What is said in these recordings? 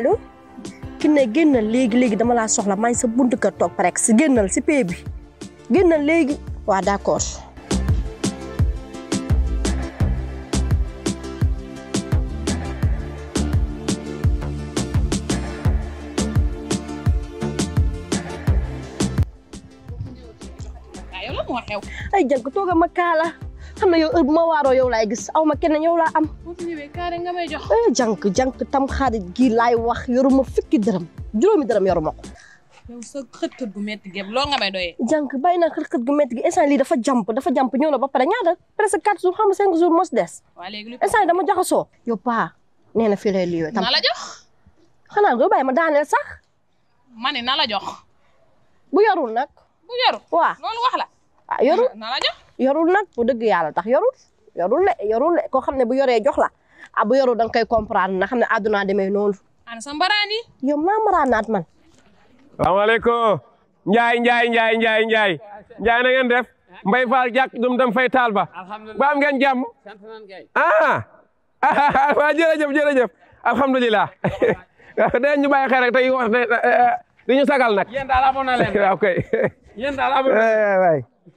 allo ki ne gennal legui legui dama la soxla may sa buntu keur tok rek si gennal si pey bi gennal legui wa d'accord accord ay jàng tooga ma kaala xam ne yow heure bu uh, ma waaroo yow laay gis aw ma kenn yow laa am. boo fi ñëwee carré nga may jox. Eh, jànk jànk tam xaarit gi laay wax yoruma fukki daram juróomi dërëm yoruma ko. yow sa xët-xët gu métti gi loo nga may doyee. jànk bàyyi naa xët gi instant lii dafa jàmp dafa jàmp ñëw na ba pare ñaata presque quatre jours xam nga cinq jours mos des. waa léegi instant dama jaxasoo. yow paa nee na fii lay liyoo tam. la jox. xanaa doo bàyyi ma daaneel sax. ma ne na la jox. bu yorul ah, na yorul nag bu dëgg yàlla tax yorul yorul yorul le koo xam ne bu yoree jox la ah yorul da nga koy comprendre na xam ne àdduna demee noonu. ana sa mbaraani. yow maa mbaraanaat man. salaamaaleykum. Njaay Njaay Njaay Njaay Njaay Njaay na ngeen def. Mbay Faal jàkk dum dem fay taal ba. ba am ngeen jàmm. ah. waaw jërëjëf jërëjëf. alhamdulilah. dinañ ñu bàyyi xel rek tey wax ne eh, eh, di ñu sagal nag. yéen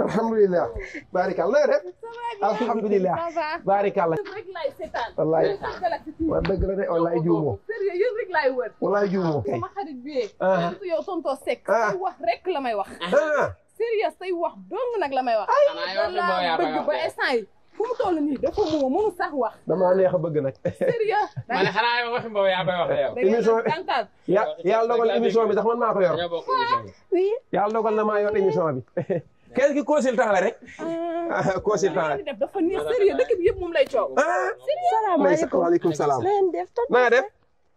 الحمد لله بارك الله رب الحمد لله بارك الله والله ودك لا والله يجومو سير يرك لاي ود والله يجومو ما خرج بيه انت يا طنط آه. سيك هو آه. رك لا ماي آه. واخ سير يا سي واخ دون نك لا ماي واخ انا يا الله بغ با اساي فم تول ني دا فم مو مو صح واخ دا ما نيه بغ نك سير يا ما خرا يا واخ مبا يا با واخ يا ايميسيون يا يال دوغال ايميسيون بي تخ مان ما فا يور يا بوك ايميسيون وي يال دوغال نما يور ايميسيون بي kenn ki consultant la rek. Ah. Ah, consultant la def dafa neex sérieux dëkk bi yëpp ah. maaleykum salaam. na ngeen def toog na def.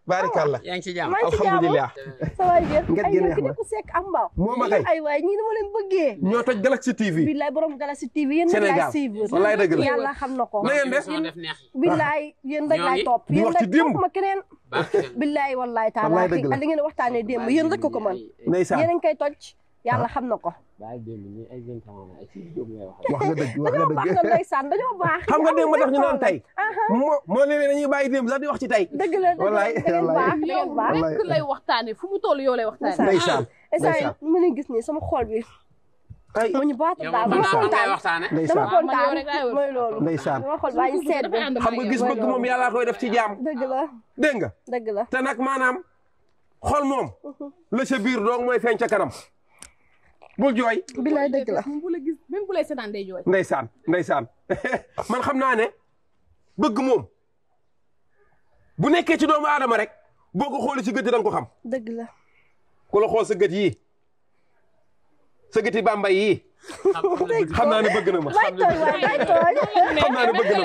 baarikàlla yaa ngi ci jàmm alhamdulilah. ngeen gën a yàq ma moom ak ay ay waay ñii dama leen bëggee. ñoo toj Galaxy TV. billaay borom Galaxy TV yéen rek laay suivre. wallaay dëgg xam na ko. na ngeen def billaay yéen rek laay topp. yéen rek topp ma keneen. billaay wallaay taala li ngeen waxtaanee démb yéen rek ko ko man. yéen a ngi koy toj. yàlla ah. xam na ko. baal démb ñi ay vingt ans ay six jóg ngay wax. wax nga dëgg wax nga dëgg dañoo baax na ndeysaan dañoo baax. xam nga démb tax ñu naan tey. moo moo ne dañuy bàyyi démb sax di wax ci tey. dëgg la dëgg la dëgg baax yow rek lay waxtaane fu mu toll yow lay waxtaane. ndeysaan ndeysaan mu ne gis nii sama xol bi. ay mu ñu baatu daal dama kontaan dama ah, kontaan mooy loolu. ndeysaan dama xol baa ñu seet bi xam nga gis bëgg moom yàlla koy def ci jaam. dëgg la dégg nga. dëgg la te nag maanaam xol moom. Mhm. la sa biir doog mooy feeñ ca kanam bul jooy. bilaay dëgg la bu la gis même bu lay seetaan day jooy. ndeysaan ndeysaan man xam naa ne bëgg moom bu nekkee ci doomu aadama rek boo ko xoolee si gët dal ko xam. dëgg la. ku la xool sa yi sa ba yi yi xam naa ne bëgg na ma xam naa ne bëgg na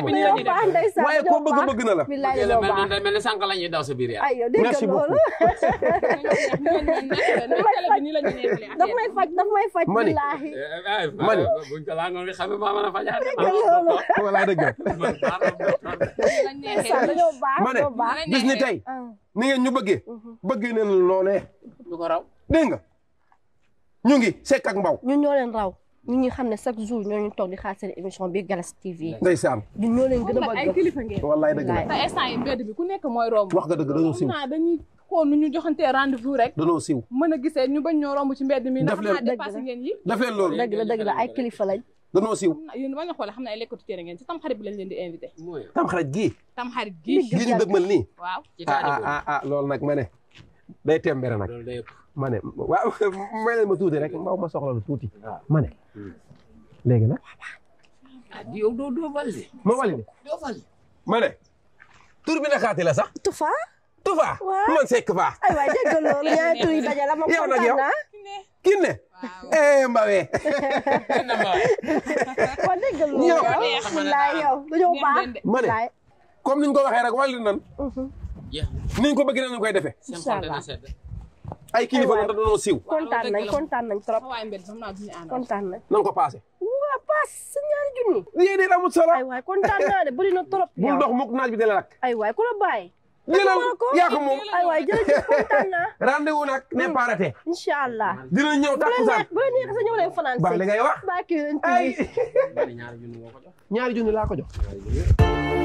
waaye koo bëgg bëgg na la. mel ni sànq la ñuy daw sa biir mani eh, eh, eh, mani. buñ ko laajoon nga xam ni tey. Ah. ni ñu bëggee. Mhm. bëggee nañ loolee. du ñu ngi sekk ak mbaw. ñun ñoo leen ñu ñi xam ne chaque jour ñoo ñu toog di xaar seen émission bi Galas TV. ndeysaan ñun ñoo leen gën a bëgg ay kilifa ngeen. wallaay wax nga dëgg dañoo nu ñu joxante rendez-vous rek. dañoo siw mën a gisee ñu bañ ñoo romb ci mbedd mi. daf leen dépassé ngeen yi daf leen loolu dëgg la dëgg la ay kilifa lañ. dañoo siiw yéen ba nga xoolee xam naa ay lekkatu téere ngeen ci tamxarit bi lañ tam di gi tamxarit gii. tamxarit gii gii ñu dëgmal nii. waaw ah, ah ah ah loolu nag ma ne day tembere nag ma ne waaw may ma tuuti rek mbaaw ma soxla tuuti. Ah. ma ne léegi ah, ma valide doo valide. ma ne tur bi nakaate la sax. Tufa. Tufa man sekk fa. aywa dégg loolu ñaari tur yi daje la ma kontaan naa. Ah. Kiné. eh Mbawe. kon dégg loolu yow. yow dañoo baax. ma ne comme ni ñu ko waxee rek valide nan. ni ñu ko bëgg nañu koy defee. incha allah. ay kilifa la dañoo siiw. kontaan nañ kontaan nañ trop kontaan nañ. nan ko paase. waa paas si ñaari junni. yéen it amul solo. ay waay kontaan naa de trop. bul dox mukk naaj bi dina lakk. ay waay ku la bàyyi. jëlal yaa ko moom ay waay jërëjëf kontaan naa. rendez-vous nag n'est hmm. pas raté. incha allah dina ñëw takkusaan bu la neex ñaari junni laa ko jox.